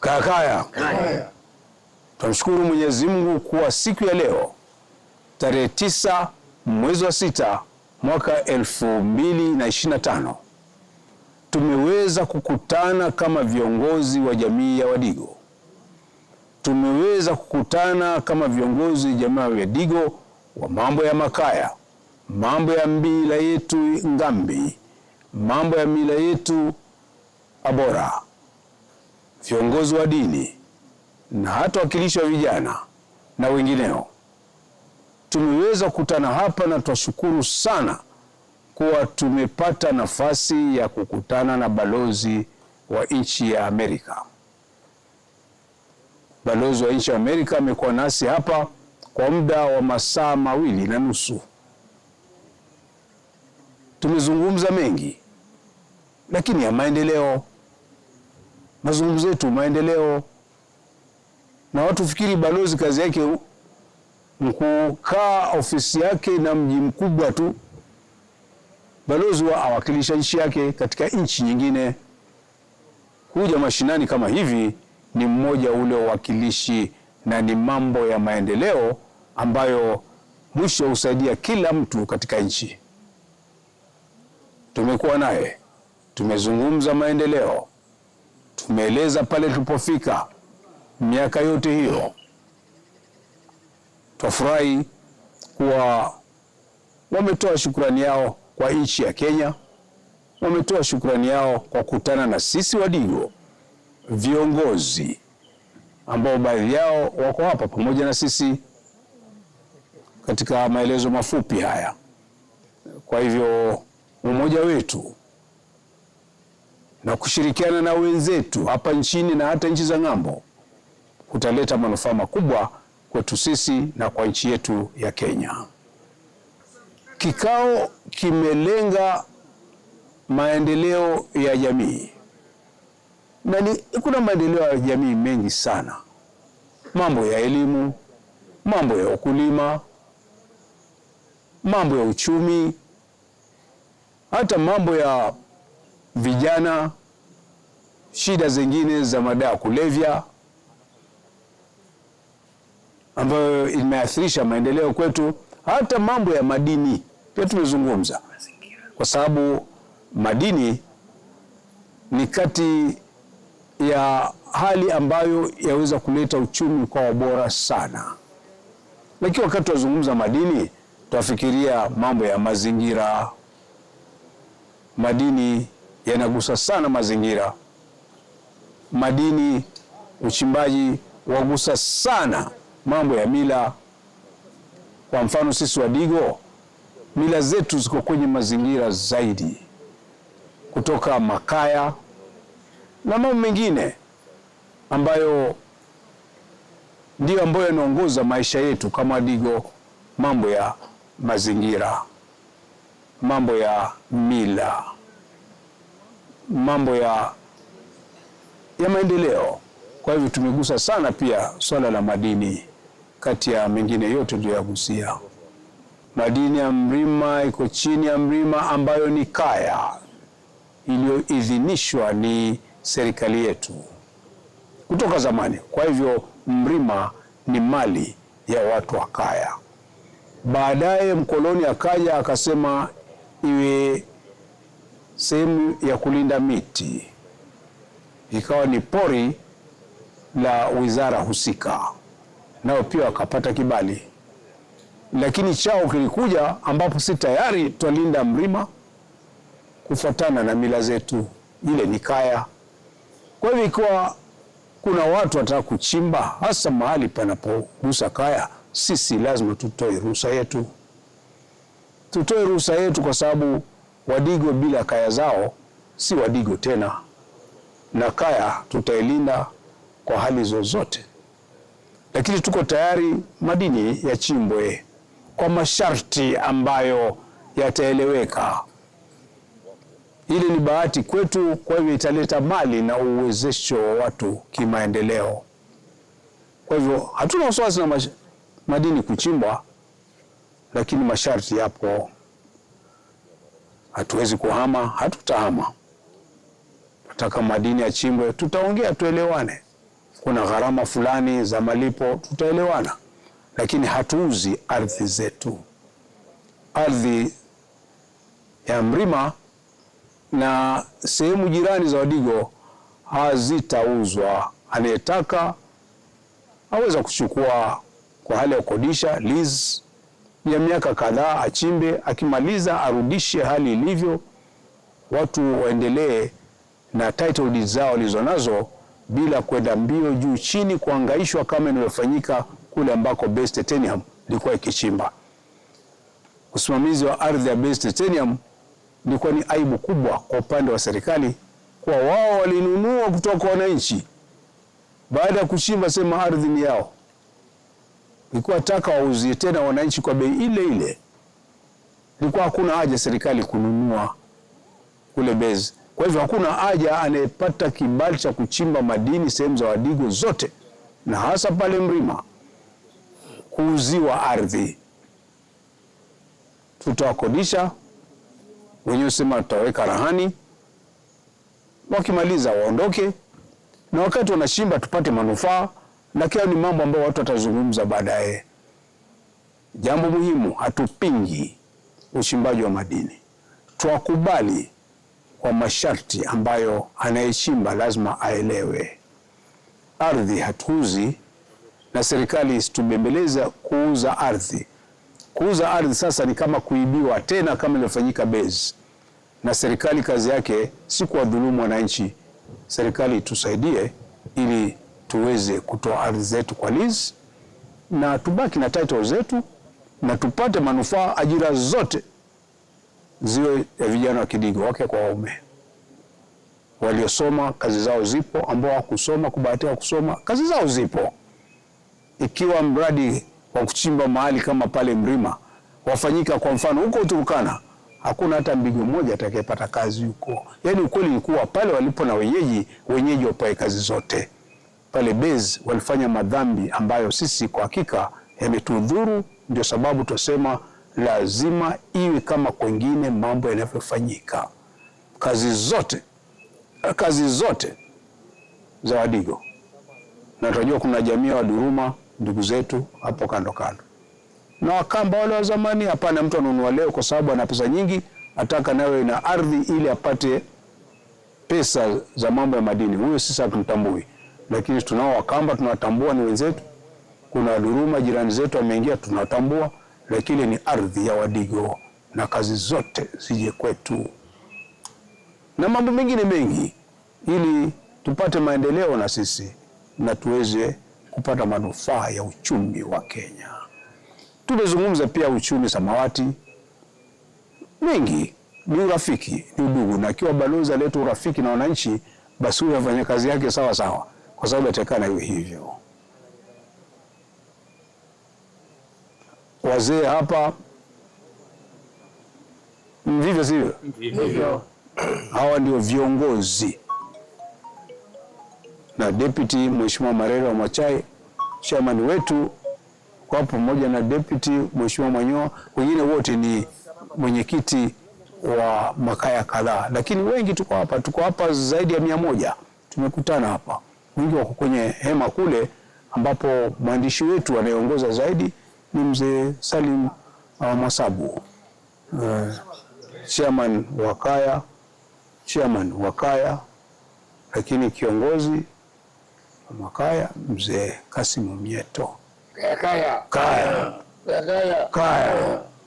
kaya kaya. Tunamshukuru Mwenyezi Mungu kuwa siku ya leo tarehe tisa mwezi wa sita mwaka elfu mbili na ishirini na tano tumeweza kukutana kama viongozi wa jamii ya Wadigo, tumeweza kukutana kama viongozi jamii ya Wadigo wa mambo ya Makaya, mambo ya mila yetu Ngambi, mambo ya mila yetu Abora viongozi wa dini na hata wakilishi wa vijana na wengineo, tumeweza kukutana hapa na twashukuru sana kuwa tumepata nafasi ya kukutana na balozi wa nchi ya Amerika. Balozi wa nchi ya Amerika amekuwa nasi hapa kwa muda wa masaa mawili na nusu. Tumezungumza mengi, lakini ya maendeleo mazungumzo yetu maendeleo, na watu fikiri balozi kazi yake mkukaa ofisi yake na mji mkubwa tu. Balozi wa awakilisha nchi yake katika nchi nyingine. Kuja mashinani kama hivi ni mmoja ule uwakilishi na ni mambo ya maendeleo ambayo mwisho husaidia kila mtu katika nchi. Tumekuwa naye, tumezungumza maendeleo Tumeeleza pale tulipofika miaka yote hiyo. Twafurahi kuwa wametoa shukrani yao kwa nchi ya Kenya, wametoa shukrani yao kwa kukutana na sisi Wadigo viongozi ambao baadhi yao wako hapa pamoja na sisi katika maelezo mafupi haya. Kwa hivyo umoja wetu na kushirikiana na wenzetu hapa nchini na hata nchi za ng'ambo kutaleta manufaa makubwa kwetu sisi na kwa nchi yetu ya Kenya. Kikao kimelenga maendeleo ya jamii na ni, kuna maendeleo ya jamii mengi sana, mambo ya elimu, mambo ya ukulima, mambo ya uchumi, hata mambo ya vijana, shida zingine za madawa kulevya ambayo imeathirisha maendeleo kwetu, hata mambo ya madini pia tumezungumza, kwa sababu madini ni kati ya hali ambayo yaweza kuleta uchumi kwa bora sana, lakini wakati tunazungumza madini tunafikiria mambo ya mazingira, madini yanagusa sana mazingira. Madini, uchimbaji wagusa sana mambo ya mila. Kwa mfano sisi Wadigo, mila zetu ziko kwenye mazingira zaidi, kutoka makaya na mambo mengine ambayo ndiyo ambayo yanaongoza maisha yetu kama Wadigo, mambo ya mazingira, mambo ya mila mambo ya, ya maendeleo. Kwa hivyo tumegusa sana pia swala la madini, kati ya mengine yote yagusia Madini ya Mrima iko chini ya Mrima ambayo ni kaya iliyoidhinishwa ni serikali yetu kutoka zamani. Kwa hivyo Mrima ni mali ya watu wa kaya. Baadaye mkoloni akaja akasema iwe sehemu ya kulinda miti ikawa ni pori la wizara husika, nao pia wakapata kibali, lakini chao kilikuja ambapo si tayari twalinda mlima kufuatana na mila zetu, ile ni kaya. Kwa hivyo ikiwa kuna watu wataka kuchimba hasa mahali panapogusa kaya, sisi lazima tutoe ruhusa yetu, tutoe ruhusa yetu kwa sababu Wadigo bila kaya zao si Wadigo tena, na kaya tutailinda kwa hali zozote, lakini tuko tayari madini yachimbwe kwa masharti ambayo yataeleweka. Ile ni bahati kwetu, kwa hivyo italeta mali na uwezesho wa watu kimaendeleo. Kwa hivyo hatuna wasiwasi na madini kuchimbwa, lakini masharti yapo hatuwezi kuhama, hatutahama. Nataka madini yachimbwe, tutaongea, tuelewane. Kuna gharama fulani za malipo, tutaelewana, lakini hatuuzi ardhi zetu. Ardhi ya Mrima na sehemu jirani za Wadigo hazitauzwa. Anayetaka aweza kuchukua kwa hali ya kukodisha lease ya miaka kadhaa achimbe, akimaliza arudishe hali ilivyo, watu waendelee na title deeds zao walizonazo bila kwenda mbio juu chini kuangaishwa kama inavyofanyika kule ambako Base Titanium ilikuwa ikichimba. Usimamizi wa ardhi ya Base Titanium ilikuwa ni aibu kubwa kwa upande wa serikali, kwa wao walinunua kutoka wananchi, baada ya kuchimba sema ardhi ni yao. Ilikuwa taka wauzie tena wananchi kwa bei ile ile. Ilikuwa hakuna haja serikali kununua kule Mbezi. Kwa hivyo hakuna haja anayepata kibali cha kuchimba madini sehemu za Wadigo zote na hasa pale Mrima kuuziwa ardhi. Tutawakodisha wenyewe, sema tutaweka rahani, wakimaliza waondoke, na wakati wanashimba tupate manufaa lakini ni mambo ambayo watu watazungumza baadaye. Jambo muhimu, hatupingi uchimbaji wa madini, twakubali kwa masharti ambayo anayechimba lazima aelewe. Ardhi hatuuzi, na serikali situbembeleza kuuza ardhi. Kuuza ardhi sasa ni kama kuibiwa tena, kama ilivyofanyika Bezi, na serikali kazi yake si kuwadhulumu wananchi. Serikali itusaidie ili tuweze kutoa ardhi zetu kwa lease na tubaki na title zetu na tupate manufaa. Ajira zote ziwe ya vijana wa kidigo wake kwa waume, waliosoma kazi zao zipo, ambao hawakusoma kubahatika kusoma kazi zao zipo. Ikiwa mradi wa kuchimba mahali kama pale Mrima wafanyika, kwa mfano huko Turkana, hakuna hata mbigo mmoja atakayepata kazi huko. Yaani ukweli ni kuwa pale walipo na wenyeji, wenyeji wapae kazi zote pale Bez walifanya madhambi ambayo sisi kwa hakika yametudhuru. Ndio sababu tunasema lazima iwe kama kwengine mambo yanavyofanyika. Kazi zote kazi zote za Wadigo na tunajua kuna jamii ya Waduruma ndugu zetu hapo kando kando, na Wakamba wale wa zamani. Hapana, mtu anunua leo kwa sababu ana pesa nyingi, ataka nawe na ardhi ili apate pesa za mambo ya madini. Huyo sisi hatumtambui lakini tunao Wakamba tunawatambua ni wenzetu. Kuna Waduruma jirani zetu wameingia, tunawatambua, lakini ni ardhi ya Wadigo na kazi zote zije kwetu na mambo mengine mengi, ili tupate maendeleo na sisi na tuweze kupata manufaa ya uchumi wa Kenya. Tumezungumza pia uchumi samawati mengi, ni urafiki, ni udugu, na akiwa balozi aleta urafiki na wananchi, basi huyo afanya kazi yake sawa sawa kwa sababu atakana iwe hivyo. Wazee hapa vivyo sivyo, hawa ndio viongozi na deputy Mheshimiwa Marera Machai, chairman wetu kwa pamoja na deputy Mheshimiwa Mwanyoa, wengine wote ni mwenyekiti wa makaya kadhaa, lakini wengi tuko hapa, tuko hapa zaidi ya mia moja tumekutana hapa wengi wako kwenye hema kule, ambapo mwandishi wetu anayeongoza zaidi ni mzee Salim uh, Mwasabu, uh, chairman wa kaya, chairman wa kaya, lakini kiongozi wa kaya mzee Kasimu Mieto kaya, kaya. kaya. kaya. kaya. kaya.